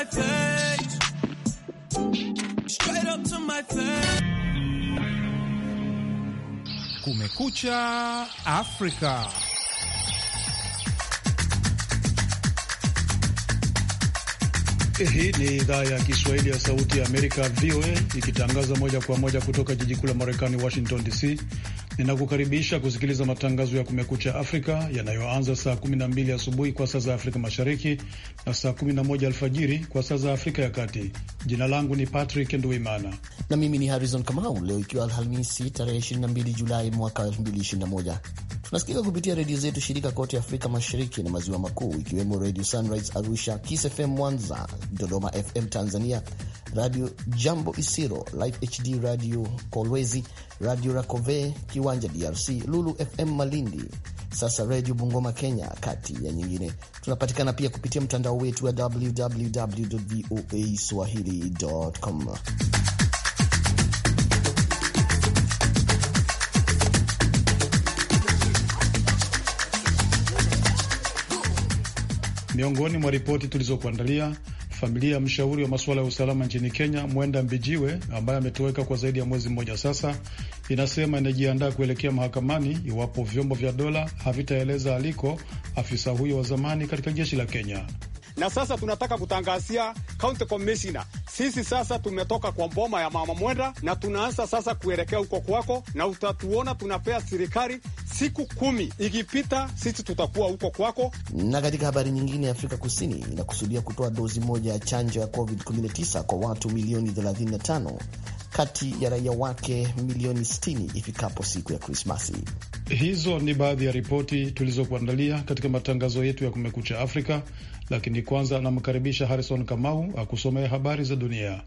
my face. Straight up to my face. Kumekucha Afrika. Hii ni idhaa ya Kiswahili ya Sauti ya Amerika, VOA, ikitangaza moja kwa moja kutoka jiji kuu la Marekani, Washington DC. Ninakukaribisha kusikiliza matangazo ya Kumekucha Afrika yanayoanza saa 12 asubuhi kwa saa za Afrika Mashariki na saa 11 alfajiri kwa saa za Afrika ya Kati. Jina langu ni Patrick Nduimana na mimi ni Harrison Kamau. Leo ikiwa Alhamisi tarehe 22 Julai mwaka 2021 Tunasikika kupitia redio zetu shirika kote Afrika Mashariki na Maziwa Makuu, ikiwemo Radio Sunrise Arusha, FM Mwanza, Dodoma FM Tanzania, Radio Jambo Isiro, Life HD Radio Kolwezi, Radio racove Kiwanja DRC, Lulu FM Malindi, sasa Redio Bungoma Kenya, kati ya nyingine. Tunapatikana pia kupitia mtandao wetu wa www voa swahili.com. Miongoni mwa ripoti tulizokuandalia, familia ya mshauri wa masuala ya usalama nchini Kenya Mwenda Mbijiwe ambaye ametoweka kwa zaidi ya mwezi mmoja sasa, inasema inajiandaa kuelekea mahakamani iwapo vyombo vya dola havitaeleza aliko afisa huyo wa zamani katika jeshi la Kenya na sasa tunataka kutangazia county commissioner, sisi sasa tumetoka kwa mboma ya mama Mwenda na tunaanza sasa kuelekea huko kwako, na utatuona tunapea serikali siku kumi, ikipita sisi tutakuwa huko kwako. Na katika habari nyingine, ya Afrika Kusini inakusudia kutoa dozi moja ya chanjo ya COVID-19 kwa watu milioni 35 kati ya raia wake milioni 60 ifikapo siku ya Krismasi. Hizo ni baadhi ya ripoti tulizokuandalia katika matangazo yetu ya Kumekucha Afrika, lakini kwanza anamkaribisha Harrison Kamau akusomea habari za dunia.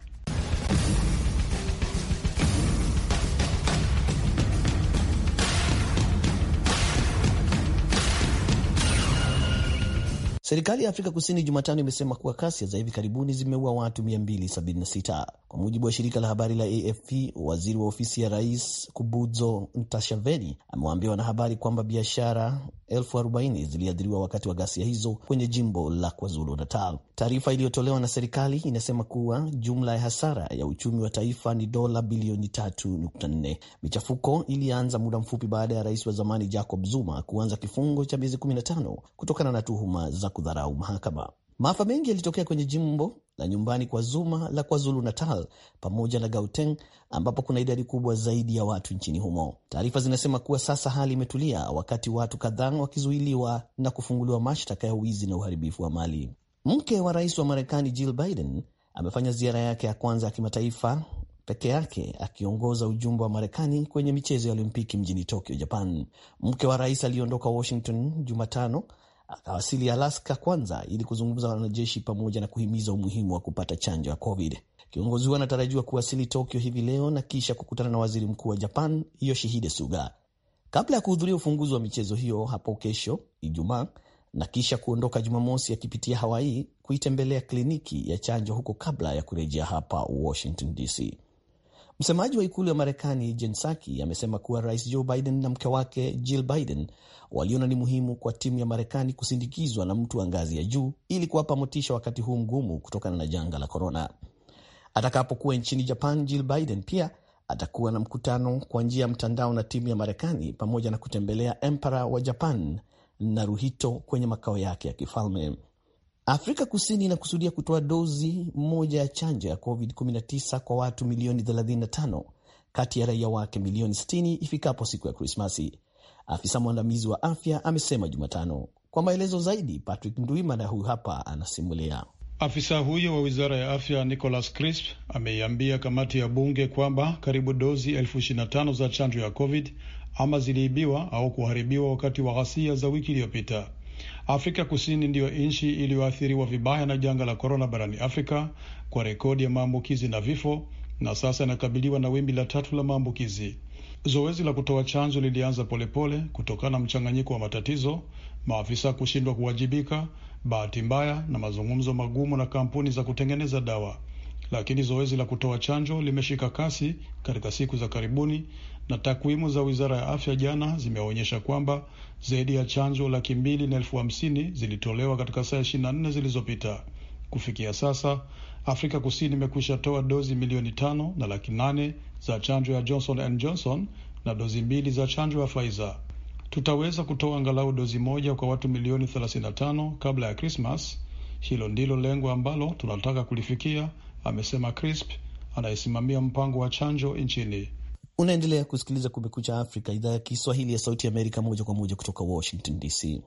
Serikali ya Afrika Kusini Jumatano imesema kuwa ghasia za hivi karibuni zimeua watu 276. Kwa mujibu wa shirika la habari la AFP, waziri wa ofisi ya rais Kubuzo Ntashaveni amewaambia wanahabari kwamba biashara 40 ziliadhiriwa ziliathiriwa wakati wa ghasia hizo kwenye jimbo la KwaZulu Natal. Taarifa iliyotolewa na serikali inasema kuwa jumla ya hasara ya uchumi wa taifa ni dola bilioni 3.4. Michafuko ilianza muda mfupi baada ya rais wa zamani Jacob Zuma kuanza kifungo cha miezi 15 kutokana na tuhuma za kudharau mahakama. Maafa mengi yalitokea kwenye jimbo la nyumbani kwa Zuma la KwaZulu Natal pamoja na Gauteng ambapo kuna idadi kubwa zaidi ya watu nchini humo. Taarifa zinasema kuwa sasa hali imetulia, wakati watu kadhaa wakizuiliwa na kufunguliwa mashtaka ya wizi na uharibifu wa mali. Mke wa rais wa Marekani Jill Biden amefanya ziara yake ya kwanza ya kimataifa peke yake akiongoza ujumbe wa Marekani kwenye michezo ya Olimpiki mjini Tokyo, Japan. Mke wa rais aliondoka Washington Jumatano akawasili Alaska kwanza ili kuzungumza wanajeshi pamoja na kuhimiza umuhimu wa kupata chanjo ya COVID. Kiongozi huyo anatarajiwa kuwasili Tokyo hivi leo na kisha kukutana na waziri mkuu wa Japan Yoshihide Suga kabla ya kuhudhuria ufunguzi wa michezo hiyo hapo kesho Ijumaa na kisha kuondoka Jumamosi akipitia Hawaii kuitembelea kliniki ya chanjo huko kabla ya kurejea hapa Washington DC. Msemaji wa ikulu ya Marekani Jen Psaki amesema kuwa rais Joe Biden na mke wake Jill Biden waliona ni muhimu kwa timu ya Marekani kusindikizwa na mtu wa ngazi ya juu ili kuwapa motisha wakati huu mgumu kutokana na janga la korona. Atakapokuwa nchini Japan, Jill Biden pia atakuwa na mkutano kwa njia ya mtandao na timu ya Marekani pamoja na kutembelea empara wa Japan Naruhito kwenye makao yake ya kifalme. Afrika Kusini inakusudia kutoa dozi moja ya chanjo ya COVID-19 kwa watu milioni 35 kati ya raia wake milioni 60 ifikapo siku ya Krismasi, afisa mwandamizi wa afya amesema Jumatano. Kwa maelezo zaidi, Patrick Ndwimana huyu hapa anasimulia. Afisa huyo wa wizara ya afya Nicholas Crisp ameiambia kamati ya bunge kwamba karibu dozi elfu za chanjo ya COVID ama ziliibiwa au kuharibiwa wakati wa ghasia za wiki iliyopita. Afrika Kusini ndiyo nchi iliyoathiriwa vibaya na janga la korona barani Afrika kwa rekodi ya maambukizi na vifo, na sasa inakabiliwa na wimbi la tatu la maambukizi. Zoezi la kutoa chanjo lilianza polepole kutokana na mchanganyiko wa matatizo, maafisa kushindwa kuwajibika, bahati mbaya na mazungumzo magumu na kampuni za kutengeneza dawa lakini zoezi la kutoa chanjo limeshika kasi katika siku za karibuni, na takwimu za wizara ya afya jana zimeonyesha kwamba zaidi ya chanjo laki mbili na elfu hamsini zilitolewa katika saa ishirini na nne zilizopita. Kufikia sasa Afrika Kusini imekwisha toa dozi milioni tano na laki nane za chanjo ya Johnson and Johnson na dozi mbili za chanjo ya Pfizer. Tutaweza kutoa angalau dozi moja kwa watu milioni 35 kabla ya Krismas. Hilo ndilo lengo ambalo tunataka kulifikia amesema Crisp anayesimamia mpango wa chanjo nchini. Unaendelea kusikiliza Kumekucha Afrika, idhaa ya Kiswahili ya Sauti Amerika, moja kwa moja kutoka Washington DC.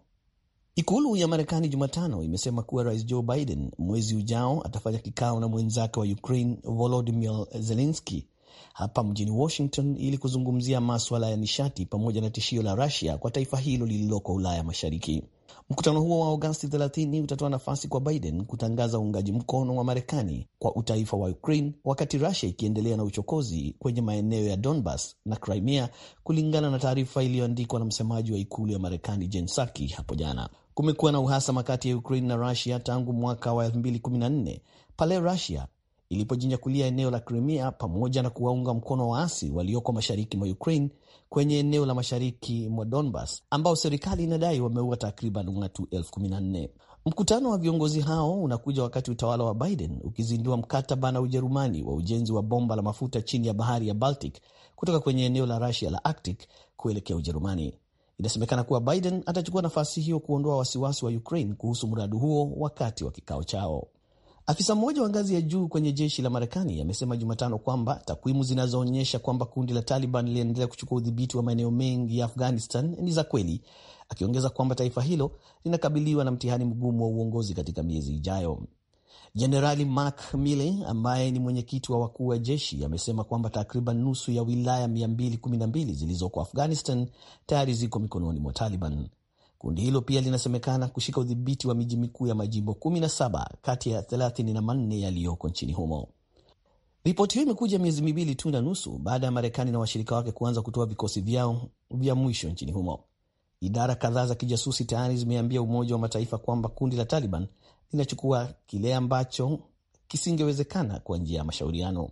Ikulu ya Marekani Jumatano imesema kuwa Rais Joe Biden mwezi ujao atafanya kikao na mwenzake wa Ukraine Volodimir Zelenski hapa mjini Washington ili kuzungumzia maswala ya nishati pamoja na tishio la Rusia kwa taifa hilo lililoko Ulaya Mashariki. Mkutano huo wa Agosti 30 utatoa nafasi kwa Biden kutangaza uungaji mkono wa Marekani kwa utaifa wa Ukraine wakati Rusia ikiendelea na uchokozi kwenye maeneo ya Donbas na Crimea, kulingana na taarifa iliyoandikwa na msemaji wa ikulu ya Marekani Jen Psaki hapo jana. Kumekuwa na uhasama kati ya Ukraine na Rusia tangu mwaka wa 2014 pale Rusia ilipojinyakulia eneo la Crimea pamoja na kuwaunga mkono waasi walioko mashariki mwa Ukraine kwenye eneo la mashariki mwa Donbas ambao serikali inadai wameua takriban watu elfu kumi na nne. Mkutano wa viongozi hao unakuja wakati utawala wa Biden ukizindua mkataba na Ujerumani wa ujenzi wa bomba la mafuta chini ya bahari ya Baltic kutoka kwenye eneo la Rusia la Arctic kuelekea Ujerumani. Inasemekana kuwa Biden atachukua nafasi hiyo kuondoa wasiwasi wa Ukraine kuhusu mradi huo wakati wa kikao chao. Afisa mmoja wa ngazi ya juu kwenye jeshi la Marekani amesema Jumatano kwamba takwimu zinazoonyesha kwamba kundi la Taliban linaendelea kuchukua udhibiti wa maeneo mengi ya Afghanistan ni za kweli, akiongeza kwamba taifa hilo linakabiliwa na mtihani mgumu wa uongozi katika miezi ijayo. Jenerali Mark Milley ambaye ni mwenyekiti wa wakuu wa jeshi amesema kwamba takriban nusu ya wilaya 212 zilizoko Afghanistan tayari ziko mikononi mwa Taliban. Kundi hilo pia linasemekana kushika udhibiti wa miji mikuu ya majimbo 17 kati ya 34 yaliyoko nchini humo. Ripoti hiyo imekuja miezi miwili tu na nusu baada ya Marekani na washirika wake kuanza kutoa vikosi vyao vya mwisho nchini humo. Idara kadhaa za kijasusi tayari zimeambia Umoja wa Mataifa kwamba kundi la Taliban linachukua kile ambacho kisingewezekana kwa njia ya mashauriano.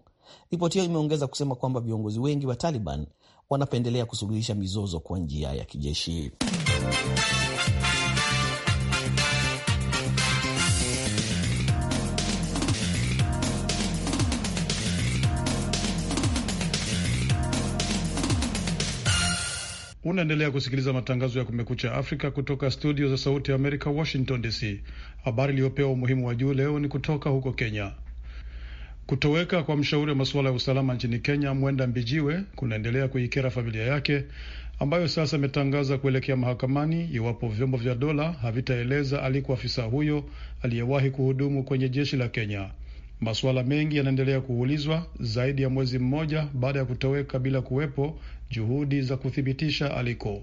Ripoti hiyo imeongeza kusema kwamba viongozi wengi wa Taliban wanapendelea kusuluhisha mizozo kwa njia ya kijeshi. Unaendelea kusikiliza matangazo ya Kumekucha Afrika kutoka studio za Sauti ya Amerika, Washington DC. Habari iliyopewa umuhimu wa juu leo ni kutoka huko Kenya. Kutoweka kwa mshauri wa masuala ya usalama nchini Kenya, Mwenda Mbijiwe, kunaendelea kuikera familia yake ambayo sasa ametangaza kuelekea mahakamani iwapo vyombo vya dola havitaeleza aliko afisa huyo aliyewahi kuhudumu kwenye jeshi la Kenya. Masuala mengi yanaendelea kuulizwa zaidi ya mwezi mmoja baada ya kutoweka bila kuwepo juhudi za kuthibitisha aliko.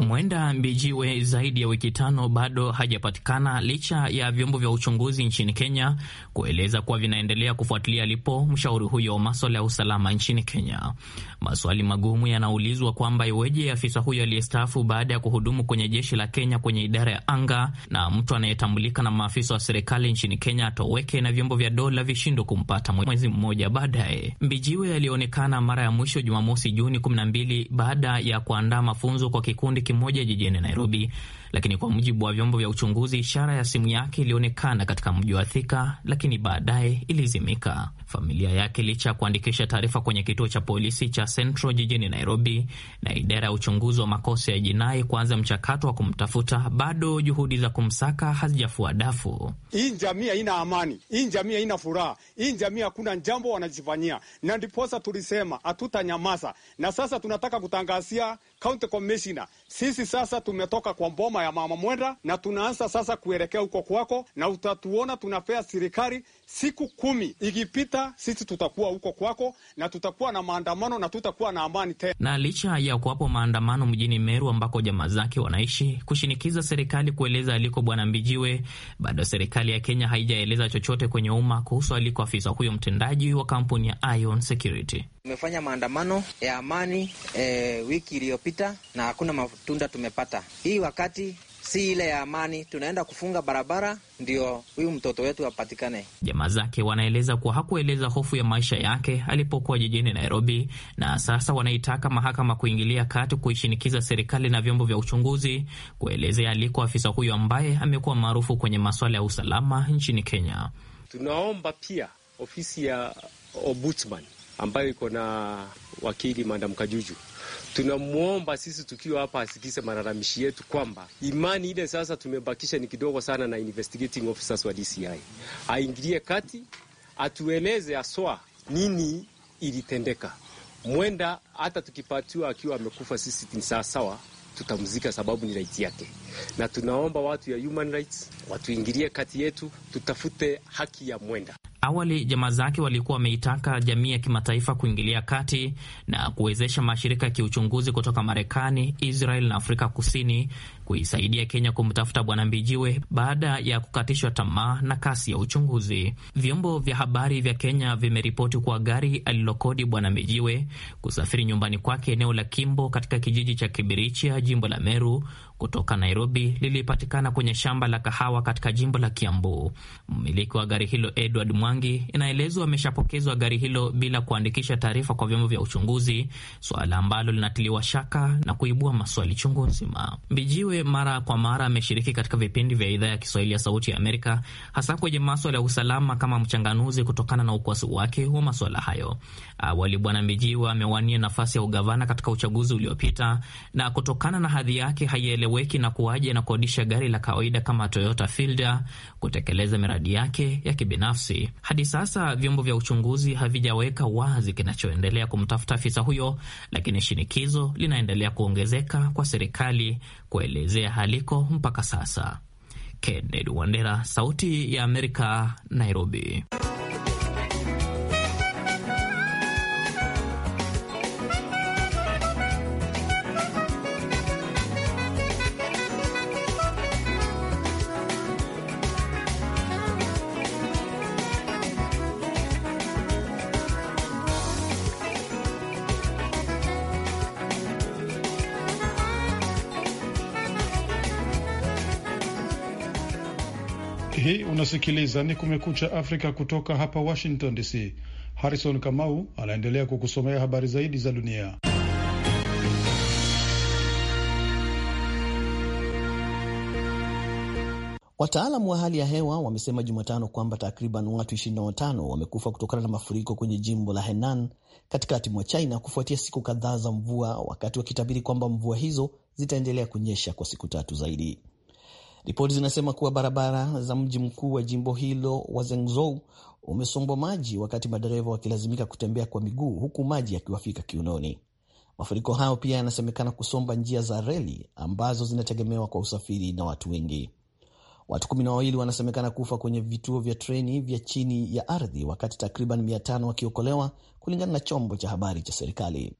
Mwenda Mbijiwe zaidi ya wiki tano bado hajapatikana licha ya vyombo vya uchunguzi nchini Kenya kueleza kuwa vinaendelea kufuatilia alipo mshauri huyo wa maswala ya usalama nchini Kenya. Maswali magumu yanaulizwa kwamba iweje afisa huyo aliyestaafu baada ya kuhudumu kwenye jeshi la Kenya kwenye idara ya anga na mtu anayetambulika na maafisa wa serikali nchini Kenya atoweke na vyombo vya dola vishindwe kumpata mwezi mmoja baadaye. Mbijiwe alionekana mara ya mwisho Jumamosi Juni 12 baada ya kuandaa mafunzo kwa kikundi kimoja jijini Nairobi, lakini kwa mujibu wa vyombo vya uchunguzi, ishara ya simu yake ilionekana katika mji wa Thika, lakini baadaye ilizimika. Familia yake licha ya kuandikisha taarifa kwenye kituo cha polisi cha Central jijini Nairobi na idara ya uchunguzi wa makosa ya jinai kuanza mchakato wa kumtafuta, bado juhudi za kumsaka hazijafua dafu. Hii jamii haina amani, hii jamii haina furaha, hii jamii hakuna jambo wanajifanyia, na ndiposa tulisema hatutanyamaza, na sasa tunataka kutangazia county commissioner, sisi sasa tumetoka kwa mboma ya mama Mwenda na tunaanza sasa kuelekea huko kwako, na utatuona tunapea serikali siku kumi. Ikipita sisi tutakuwa huko kwako na tutakuwa na maandamano na tutakuwa na amani tena. Na licha ya kuwapo maandamano mjini Meru ambako jamaa zake wanaishi kushinikiza serikali kueleza aliko Bwana Mbijiwe, bado serikali ya Kenya haijaeleza chochote kwenye umma kuhusu aliko afisa huyo mtendaji wa kampuni ya Ion Security. Tumefanya maandamano ya amani eh, wiki iliyopita imepita na hakuna matunda tumepata. Hii wakati si ile ya amani, tunaenda kufunga barabara ndio huyu mtoto wetu apatikane. Jamaa zake wanaeleza kuwa hakueleza hofu ya maisha yake alipokuwa jijini Nairobi, na sasa wanaitaka mahakama kuingilia kati kuishinikiza serikali na vyombo vya uchunguzi kuelezea aliko afisa huyo ambaye amekuwa maarufu kwenye masuala ya usalama nchini Kenya. Tunaomba pia ofisi ya Ombudsman ambayo iko na wakili Madam Kajuju tunamwomba sisi tukiwa hapa asikize malalamishi yetu kwamba imani ile sasa tumebakisha ni kidogo sana, na investigating officers wa DCI aingilie kati, atueleze aswa nini ilitendeka. Mwenda hata tukipatiwa akiwa amekufa, sisi ni sawasawa, tutamzika sababu ni raiti yake na tunaomba watu ya human rights watuingilie kati yetu, tutafute haki ya mwenda. Awali jamaa zake walikuwa wameitaka jamii ya kimataifa kuingilia kati na kuwezesha mashirika ya kiuchunguzi kutoka Marekani, Israel na Afrika Kusini kuisaidia Kenya kumtafuta Bwana Mbijiwe baada ya kukatishwa tamaa na kasi ya uchunguzi. Vyombo vya habari vya Kenya vimeripoti kuwa gari alilokodi Bwana Mbijiwe kusafiri nyumbani kwake eneo la Kimbo katika kijiji cha Kibirichia, jimbo la Meru, kutoka Nairobi lilipatikana kwenye shamba la kahawa katika jimbo la Kiambu. Mmiliki wa gari hilo Edward Mwangi inaelezwa ameshapokezwa gari hilo bila kuandikisha taarifa kwa vyombo vya uchunguzi, suala ambalo linatiliwa shaka na kuibua maswali chungu nzima. Mbijiwe mara kwa mara ameshiriki katika vipindi vya idhaa ya Kiswahili ya Sauti ya Amerika, hasa kwenye maswala ya usalama kama mchanganuzi, kutokana na ukwasi wake wa maswala hayo. Awali Bwana Mbijiwe amewania nafasi ya ugavana katika uchaguzi uliopita na kutokana na hadhi yake haiele haieleweki na kuwaje na kuodisha gari la kawaida kama Toyota Fielder kutekeleza miradi yake ya kibinafsi. Hadi sasa vyombo vya uchunguzi havijaweka wazi kinachoendelea kumtafuta afisa huyo, lakini shinikizo linaendelea kuongezeka kwa serikali kuelezea haliko mpaka sasa. Kennedy Wandera, Sauti ya Amerika, Nairobi. hii unasikiliza ni Kumekucha Afrika kutoka hapa Washington DC. Harrison Kamau anaendelea kukusomea habari zaidi za dunia. Wataalamu wa hali ya hewa wamesema Jumatano kwamba takriban watu 25 wamekufa kutokana na mafuriko kwenye jimbo la Henan katikati mwa China kufuatia siku kadhaa za mvua, wakati wakitabiri kwamba mvua hizo zitaendelea kunyesha kwa siku tatu zaidi. Ripoti zinasema kuwa barabara za mji mkuu wa jimbo hilo wa Zengzou umesombwa maji, wakati madereva wakilazimika kutembea kwa miguu huku maji yakiwafika kiunoni. Mafuriko hayo pia yanasemekana kusomba njia za reli ambazo zinategemewa kwa usafiri na watu wengi. Watu kumi na wawili wanasemekana kufa kwenye vituo vya treni vya chini ya ardhi, wakati takriban mia tano wakiokolewa kulingana na chombo cha habari cha serikali.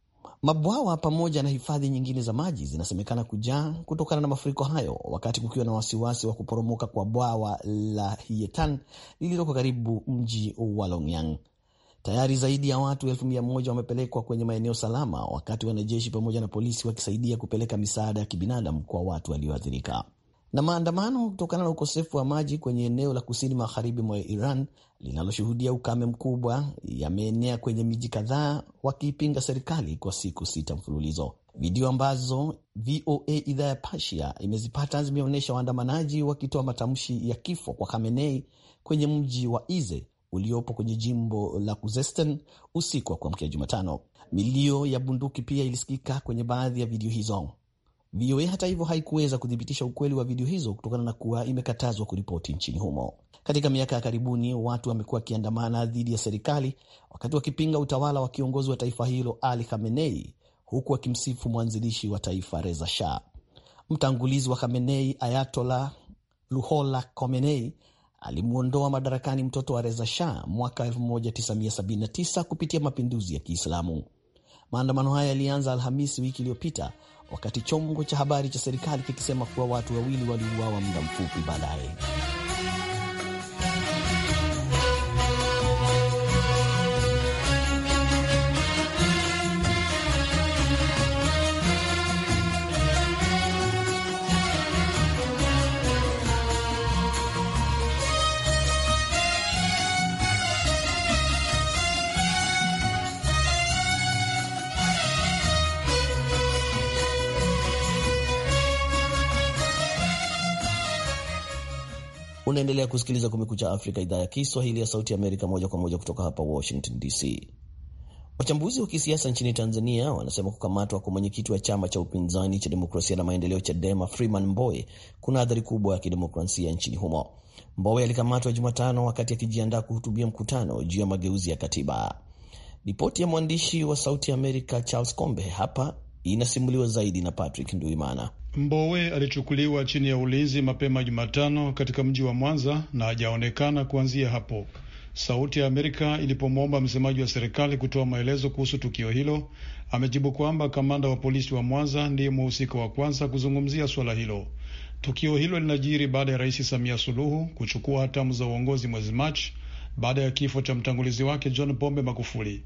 Mabwawa pamoja na hifadhi nyingine za maji zinasemekana kujaa kutokana na mafuriko hayo, wakati kukiwa na wasiwasi wa kuporomoka kwa bwawa la Hietan lililoko karibu mji wa Longyang. Tayari zaidi ya watu elfu mia moja wamepelekwa kwenye maeneo salama, wakati wanajeshi pamoja na polisi wakisaidia kupeleka misaada ya kibinadamu kwa watu walioathirika na maandamano kutokana na ukosefu wa maji kwenye eneo la kusini magharibi mwa Iran linaloshuhudia ukame mkubwa yameenea kwenye miji kadhaa, wakiipinga serikali kwa siku sita mfululizo. Video ambazo VOA idhaa ya Pasia imezipata zimeonyesha waandamanaji wakitoa matamshi ya kifo kwa Khamenei kwenye mji wa Ize uliopo kwenye jimbo la Khuzestan usiku wa kuamkia Jumatano. Milio ya bunduki pia ilisikika kwenye baadhi ya video hizo. VOA hata hivyo haikuweza kuthibitisha ukweli wa video hizo kutokana na kuwa imekatazwa kuripoti nchini humo. Katika miaka ya karibuni, watu wamekuwa wakiandamana dhidi ya serikali wakati wakipinga utawala wa kiongozi wa taifa hilo Ali Khamenei, huku wakimsifu mwanzilishi wa taifa Reza Shah. Mtangulizi wa Khamenei, Ayatola Ruhollah Khomeini, alimwondoa madarakani mtoto wa Reza Shah mwaka 1979 kupitia mapinduzi ya Kiislamu. Maandamano haya yalianza Alhamisi wiki iliyopita wakati chombo cha habari cha serikali kikisema kuwa watu wawili waliuawa muda mfupi baadaye. Unaendelea kusikiliza Kumekucha Afrika, idhaa ya Kiswahili ya Sauti Amerika, moja kwa moja kutoka hapa Washington DC. Wachambuzi wa kisiasa nchini Tanzania wanasema kukamatwa kwa mwenyekiti wa chama cha upinzani cha demokrasia na maendeleo CHADEMA Freeman Mbowe kuna athari kubwa ya kidemokrasia nchini humo. Mbowe alikamatwa Jumatano wakati akijiandaa kuhutubia mkutano juu ya mageuzi ya katiba. Ripoti ya mwandishi wa Sauti Amerika Charles Kombe hapa inasimuliwa zaidi na Patrick Nduimana. Mbowe alichukuliwa chini ya ulinzi mapema Jumatano katika mji wa Mwanza na hajaonekana kuanzia hapo. Sauti ya Amerika ilipomwomba msemaji wa serikali kutoa maelezo kuhusu tukio hilo, amejibu kwamba kamanda wa polisi wa Mwanza ndiye mhusika wa kwanza kuzungumzia suala hilo. Tukio hilo linajiri baada ya Rais Samia Suluhu kuchukua hatamu za uongozi mwezi Machi baada ya kifo cha mtangulizi wake John Pombe Magufuli.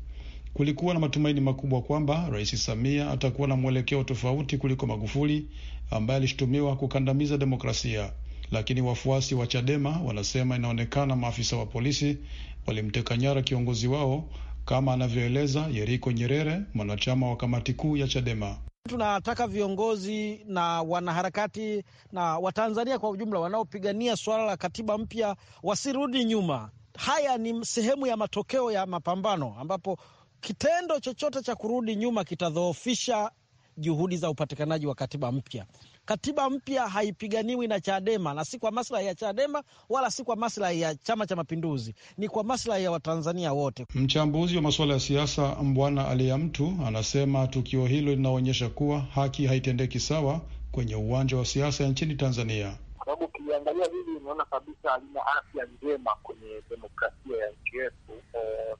Kulikuwa na matumaini makubwa kwamba Rais Samia atakuwa na mwelekeo tofauti kuliko Magufuli ambaye alishutumiwa kukandamiza demokrasia, lakini wafuasi wa Chadema wanasema inaonekana maafisa wa polisi walimteka nyara kiongozi wao, kama anavyoeleza Yeriko Nyerere, mwanachama wa kamati kuu ya Chadema. Tunataka viongozi na wanaharakati na Watanzania kwa ujumla wanaopigania suala la katiba mpya wasirudi nyuma. Haya ni sehemu ya matokeo ya mapambano ambapo kitendo chochote cha kurudi nyuma kitadhoofisha juhudi za upatikanaji wa katiba mpya. Katiba mpya haipiganiwi na Chadema na si kwa maslahi ya Chadema wala si kwa maslahi ya Chama cha Mapinduzi, ni kwa maslahi ya Watanzania wote. Mchambuzi wa masuala ya siasa Mbwana mtu anasema tukio hilo linaonyesha kuwa haki haitendeki sawa kwenye uwanja wa siasa nchini Tanzania, kwa sababu ukiangalia hili unaona kabisa halina afya njema kwenye demokrasia ya nchi yetu.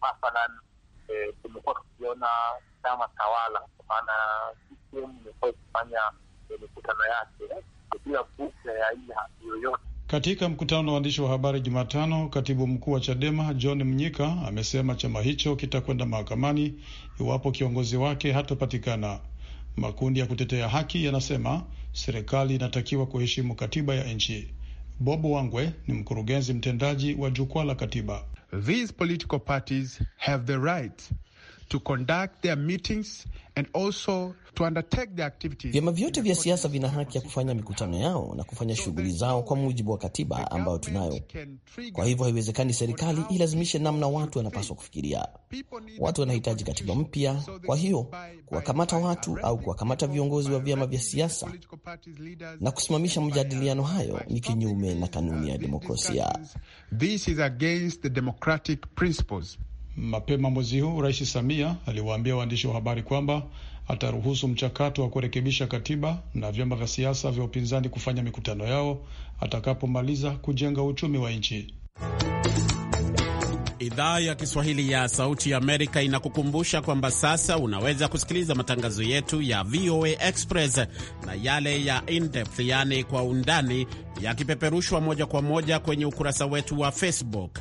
Mathalan eh, e, Eh, tumekuwa tukiona chama tawala, kwa maana CCM imekuwa ikifanya eh, mikutano yake eh, bila buga ya aina yoyote. Katika mkutano na waandishi wa habari Jumatano, katibu mkuu wa CHADEMA John Mnyika amesema chama hicho kitakwenda mahakamani iwapo kiongozi wake hatopatikana. Makundi ya kutetea haki yanasema serikali inatakiwa kuheshimu katiba ya nchi. Bob Wangwe ni mkurugenzi mtendaji wa Jukwaa la Katiba. These political parties have the right to conduct their meetings and also Vyama vyote vya siasa vina haki ya kufanya mikutano yao na kufanya shughuli zao kwa mujibu wa katiba ambayo tunayo. Kwa hivyo, haiwezekani serikali ilazimishe namna watu wanapaswa kufikiria. Watu wanahitaji katiba mpya. Kwa hiyo, kuwakamata watu au kuwakamata viongozi wa vyama vya siasa na kusimamisha uh, majadiliano hayo ni kinyume na kanuni ya uh, demokrasia. This is against the democratic principles. Mapema mwezi huu Rais Samia aliwaambia waandishi wa habari kwamba ataruhusu mchakato wa kurekebisha katiba na vyama vya siasa vya upinzani kufanya mikutano yao atakapomaliza kujenga uchumi wa nchi. Idhaa ya Kiswahili ya Sauti ya Amerika inakukumbusha kwamba sasa unaweza kusikiliza matangazo yetu ya VOA Express na yale ya in-depth, yaani kwa undani, yakipeperushwa moja kwa moja kwenye ukurasa wetu wa Facebook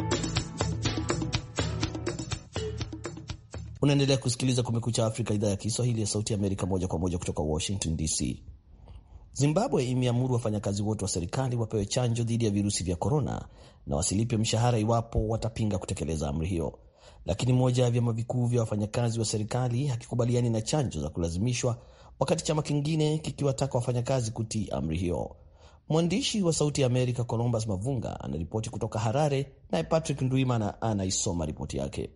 Unaendelea kusikiliza Kumekucha Afrika, idhaa ya Kiswahili ya Sauti Amerika, moja kwa moja kutoka Washington DC. Zimbabwe imeamuru wafanyakazi wote wa serikali wapewe chanjo dhidi ya virusi vya korona na wasilipe mshahara iwapo watapinga kutekeleza amri hiyo, lakini moja ya vyama vikuu vya wafanyakazi wa serikali hakikubaliani na chanjo za kulazimishwa, wakati chama kingine kikiwataka wafanyakazi kutii amri hiyo. Mwandishi wa Sauti ya Amerika Columbus Mavunga anaripoti kutoka Harare, naye Patrick Ndwimana anaisoma ripoti yake.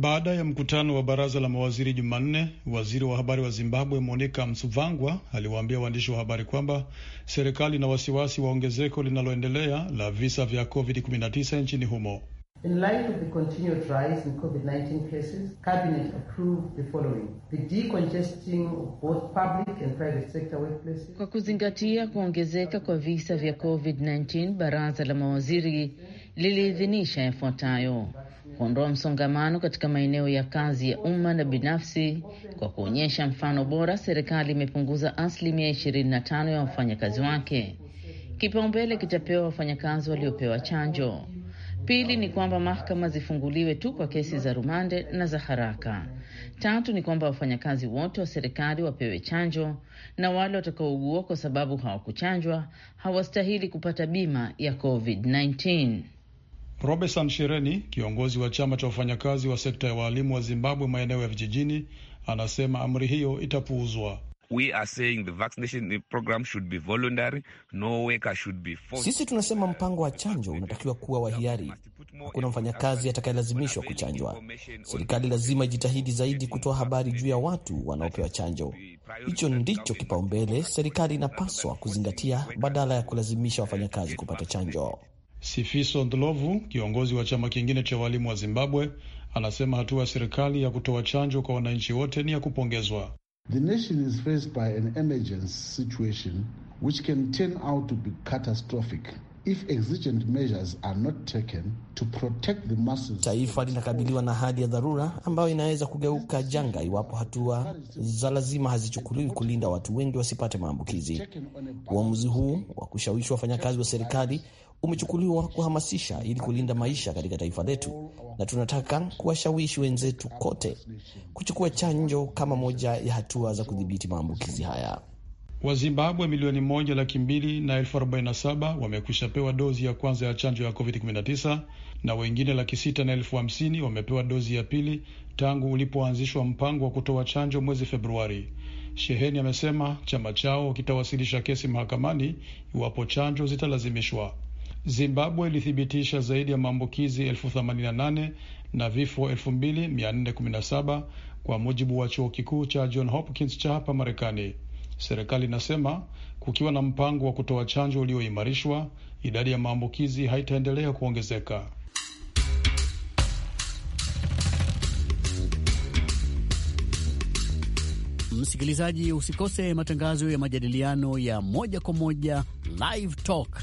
Baada ya mkutano wa baraza la mawaziri Jumanne, waziri wa habari wa Zimbabwe Monica Msuvangwa aliwaambia waandishi wa habari kwamba serikali ina wasiwasi wa ongezeko linaloendelea la visa vya COVID-19 nchini humo. In light of the continued rise in COVID-19 cases, Cabinet approved the following. The decongesting of both public and private sector workplaces. Kwa kuzingatia kuongezeka kwa visa vya COVID-19, baraza la mawaziri liliidhinisha yafuatayo kuondoa msongamano katika maeneo ya kazi ya umma na binafsi. Kwa kuonyesha mfano bora, serikali imepunguza asilimia 25 ya wafanyakazi wake. Kipaumbele kitapewa wafanyakazi waliopewa chanjo. Pili ni kwamba mahakama zifunguliwe tu kwa kesi za rumande na za haraka. Tatu ni kwamba wafanyakazi wote wa serikali wapewe chanjo, na wale watakaougua kwa sababu hawakuchanjwa hawastahili kupata bima ya COVID-19. Robeson Shireni, kiongozi wa chama cha wafanyakazi wa sekta ya waalimu wa Zimbabwe maeneo ya vijijini, anasema amri hiyo itapuuzwa. Sisi tunasema mpango wa chanjo unatakiwa kuwa wa hiari. Hakuna mfanyakazi atakayelazimishwa kuchanjwa. Serikali lazima ijitahidi zaidi kutoa habari juu ya watu wanaopewa chanjo. Hicho ndicho kipaumbele serikali inapaswa kuzingatia, badala ya kulazimisha wafanyakazi kupata chanjo. Sifiso Ndlovu, kiongozi wa chama kingine cha walimu wa Zimbabwe, anasema hatua ya serikali ya kutoa chanjo kwa wananchi wote ni ya kupongezwa. The nation is faced by an emergency situation which can turn out to be catastrophic if exigent measures are not taken to protect the masses. Taifa linakabiliwa na hali ya dharura ambayo inaweza kugeuka janga iwapo hatua za lazima hazichukuliwi kulinda watu wengi wasipate maambukizi. Uamuzi huu wa kushawishi wafanyakazi wa serikali umechukuliwa kuhamasisha ili kulinda maisha katika taifa letu, na tunataka kuwashawishi wenzetu kote kuchukua chanjo kama moja ya hatua za kudhibiti maambukizi haya. Wazimbabwe milioni moja laki mbili na elfu arobaini na saba wamekwisha pewa dozi ya kwanza ya chanjo ya COVID-19 na wengine laki sita na elfu hamsini wamepewa dozi ya pili tangu ulipoanzishwa mpango wa kutoa chanjo mwezi Februari. Sheheni amesema chama chao kitawasilisha kesi mahakamani iwapo chanjo zitalazimishwa. Zimbabwe ilithibitisha zaidi ya maambukizi elfu themanini na nane na vifo elfu mbili mia nne kumi na saba kwa mujibu wa chuo kikuu cha John Hopkins cha hapa Marekani. Serikali inasema kukiwa na mpango wa kutoa chanjo ulioimarishwa, idadi ya maambukizi haitaendelea kuongezeka. Msikilizaji, usikose matangazo ya majadiliano ya moja kwa moja Live Talk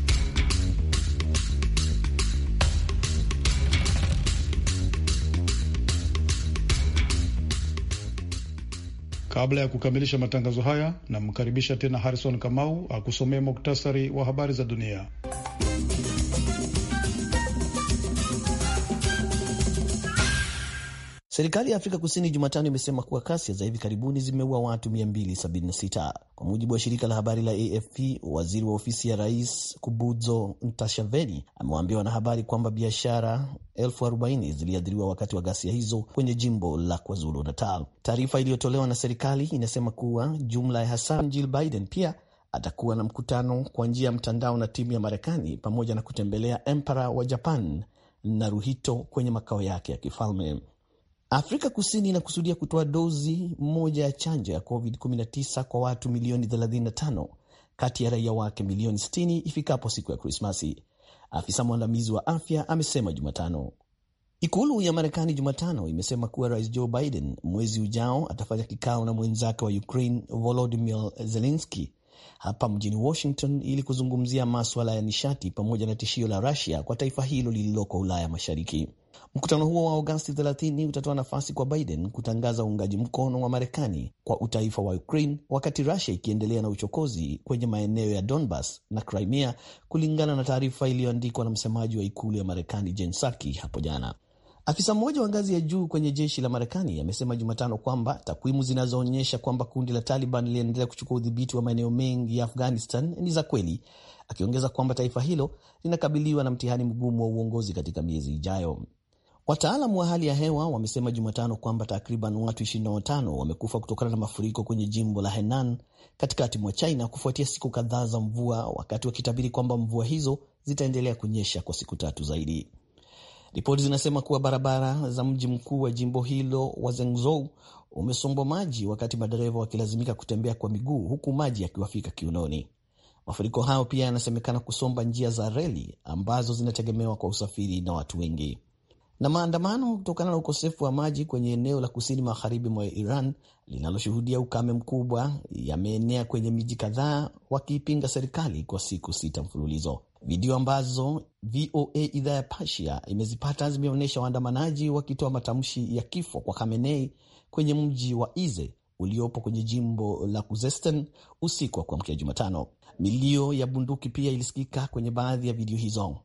Kabla ya kukamilisha matangazo haya, namkaribisha tena Harrison Kamau akusomee muktasari wa habari za dunia. Serikali ya Afrika Kusini Jumatano imesema kuwa kasia za hivi karibuni zimeua watu 276. Kwa mujibu wa shirika la habari la AFP, waziri wa ofisi ya rais Kubuzo Ntashaveni amewaambia wanahabari kwamba biashara 40 ziliathiriwa wakati wa ghasia hizo kwenye jimbo la KwaZulu Natal. Taarifa iliyotolewa na serikali inasema kuwa jumla ya Hassan Jill Biden pia atakuwa na mkutano kwa njia ya mtandao na timu ya Marekani pamoja na kutembelea empara wa Japan Naruhito kwenye makao yake ya kifalme. Afrika Kusini inakusudia kutoa dozi moja ya chanjo ya COVID-19 kwa watu milioni 35 kati ya raia wake milioni 60 ifikapo siku ya Krismasi, afisa mwandamizi wa afya amesema Jumatano. Ikulu ya Marekani Jumatano imesema kuwa rais Joe Biden mwezi ujao atafanya kikao na mwenzake wa Ukraine Volodymyr Zelenski hapa mjini Washington ili kuzungumzia maswala ya nishati pamoja na tishio la Rusia kwa taifa hilo lililoko Ulaya Mashariki. Mkutano huo wa Agosti 30 utatoa nafasi kwa Biden kutangaza uungaji mkono wa Marekani kwa utaifa wa Ukraine wakati Rusia ikiendelea na uchokozi kwenye maeneo ya Donbas na Crimea, kulingana na taarifa iliyoandikwa na msemaji wa ikulu ya Marekani Jen Psaki hapo jana. Afisa mmoja wa ngazi ya juu kwenye jeshi la Marekani amesema Jumatano kwamba takwimu zinazoonyesha kwamba kundi la Taliban linaendelea kuchukua udhibiti wa maeneo mengi ya Afghanistan ni za kweli, akiongeza kwamba taifa hilo linakabiliwa na mtihani mgumu wa uongozi katika miezi ijayo. Wataalamu wa hali ya hewa wamesema Jumatano kwamba takriban watu 25 wamekufa kutokana na mafuriko kwenye jimbo la Henan katikati mwa China kufuatia siku kadhaa za mvua, wakati wakitabiri kwamba mvua hizo zitaendelea kunyesha kwa siku tatu zaidi. Ripoti zinasema kuwa barabara za mji mkuu wa jimbo hilo wa Zengzou umesombwa maji, wakati madereva wakilazimika kutembea kwa miguu huku maji yakiwafika kiunoni. Mafuriko hayo pia yanasemekana kusomba njia za reli ambazo zinategemewa kwa usafiri na watu wengi na maandamano kutokana na ukosefu wa maji kwenye eneo la kusini magharibi mwa Iran linaloshuhudia ukame mkubwa yameenea kwenye miji kadhaa, wakiipinga serikali kwa siku sita mfululizo. Video ambazo VOA idhaa ya Pasia imezipata zimeonyesha waandamanaji wakitoa matamshi ya kifo kwa Khamenei kwenye mji wa Ize uliopo kwenye jimbo la Khuzestan usiku wa kuamkia Jumatano. Milio ya bunduki pia ilisikika kwenye baadhi ya video hizo.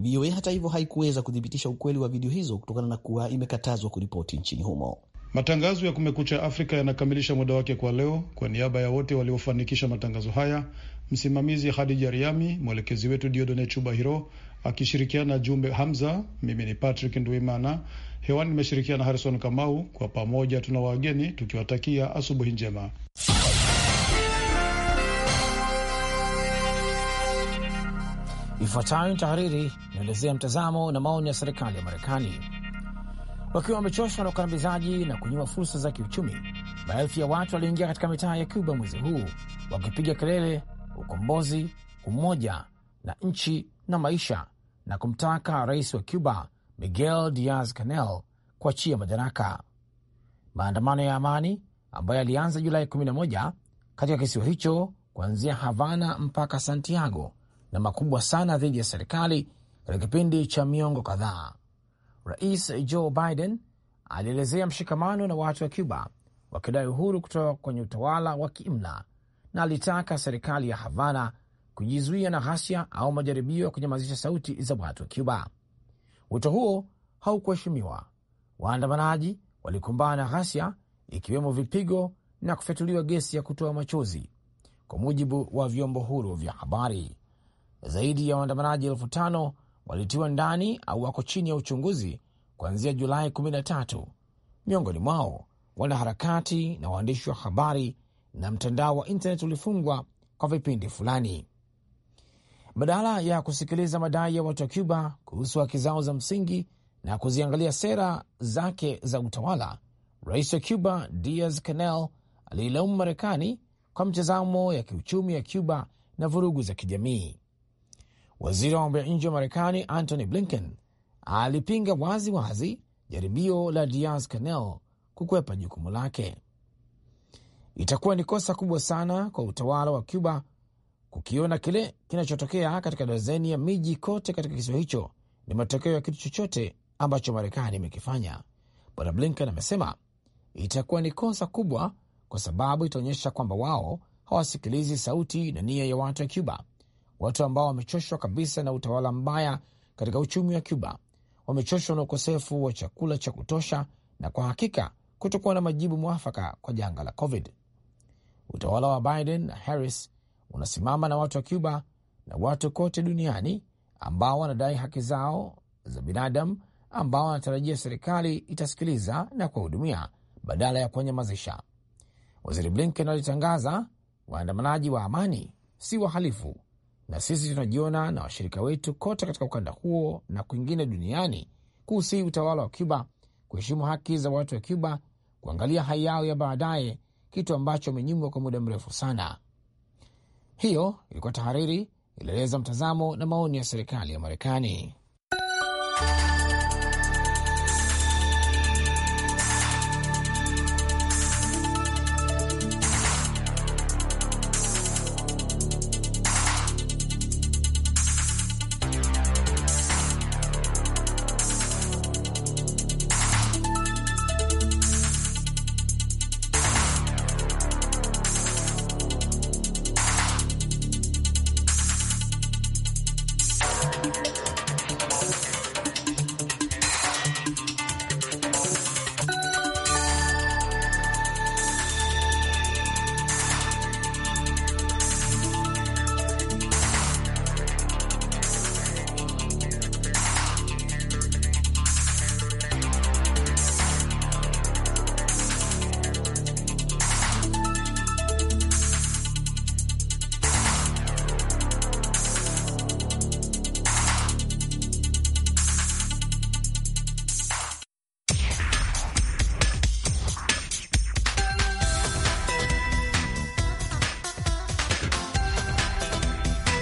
VOA hata hivyo haikuweza kuthibitisha ukweli wa video hizo kutokana na kuwa imekatazwa kuripoti nchini humo. Matangazo ya Kumekucha Afrika yanakamilisha muda wake kwa leo. Kwa niaba ya wote waliofanikisha matangazo haya, msimamizi Hadija Riami, mwelekezi wetu Diodone chuba hiro akishirikiana na Jumbe Hamza, mimi ni Patrick nduimana hewani nimeshirikiana na Harison Kamau. Kwa pamoja tuna wageni tukiwatakia asubuhi njema. Ifuatayo ni tahariri inaelezea mtazamo na maoni ya serikali ya Marekani. Wakiwa wamechoshwa na ukandamizaji na kunyima fursa za kiuchumi, maelfu ya watu waliingia katika mitaa ya Cuba mwezi huu wakipiga kelele ukombozi, umoja na nchi na maisha, na kumtaka rais wa Cuba Miguel Diaz Canel kuachia madaraka. Maandamano ya amani ambayo yalianza Julai 11 katika kisiwa hicho kuanzia Havana mpaka Santiago na makubwa sana dhidi ya serikali katika kipindi cha miongo kadhaa. Rais Joe Biden alielezea mshikamano na watu wa Cuba wakidai uhuru kutoka kwenye utawala wa kiimla na alitaka serikali ya Havana kujizuia na ghasia au majaribio ya kunyamazisha sauti za watu wa Cuba. Wito huo haukuheshimiwa. Waandamanaji walikumbana na ghasia, ikiwemo vipigo na kufyatuliwa gesi ya kutoa machozi, kwa mujibu wa vyombo huru vya habari. Zaidi ya waandamanaji elfu tano walitiwa ndani au wako chini ya uchunguzi kuanzia Julai 13. Miongoni mwao wanaharakati na waandishi wa habari, na mtandao wa intnet ulifungwa kwa vipindi fulani. Badala ya kusikiliza madai ya watu wa Cuba kuhusu haki zao za msingi na kuziangalia sera zake za utawala, rais wa Cuba Diaz Canel aliilaumu Marekani kwa mtazamo ya kiuchumi ya Cuba na vurugu za kijamii. Waziri wa mambo ya nje wa Marekani Antony Blinken alipinga wazi wazi jaribio la Diaz Canel kukwepa jukumu lake. Itakuwa ni kosa kubwa sana kwa utawala wa Cuba kukiona kile kinachotokea katika dazeni ya miji kote katika kisiwa hicho ni matokeo ya kitu chochote ambacho Marekani imekifanya, Bwana Blinken amesema. Itakuwa ni kosa kubwa kwa sababu itaonyesha kwamba wao hawasikilizi sauti na nia ya watu wa Cuba watu ambao wamechoshwa kabisa na utawala mbaya katika uchumi wa Cuba, wamechoshwa na ukosefu wa chakula cha kutosha na kwa hakika kutokuwa na majibu mwafaka kwa janga la COVID. Utawala wa Biden na Harris unasimama na watu wa Cuba na watu kote duniani ambao wanadai haki zao za binadamu, ambao wanatarajia serikali itasikiliza na kuwahudumia badala ya kuwanyamazisha. Waziri Blinken alitangaza waandamanaji wa amani, si wahalifu na sisi tunajiona na washirika wetu kote katika ukanda huo na kwingine duniani kuhusi utawala wa Cuba kuheshimu haki za watu wa Cuba, kuangalia hai yao ya baadaye, kitu ambacho wamenyimwa kwa muda mrefu sana. Hiyo ilikuwa tahariri, ilieleza mtazamo na maoni ya serikali ya Marekani.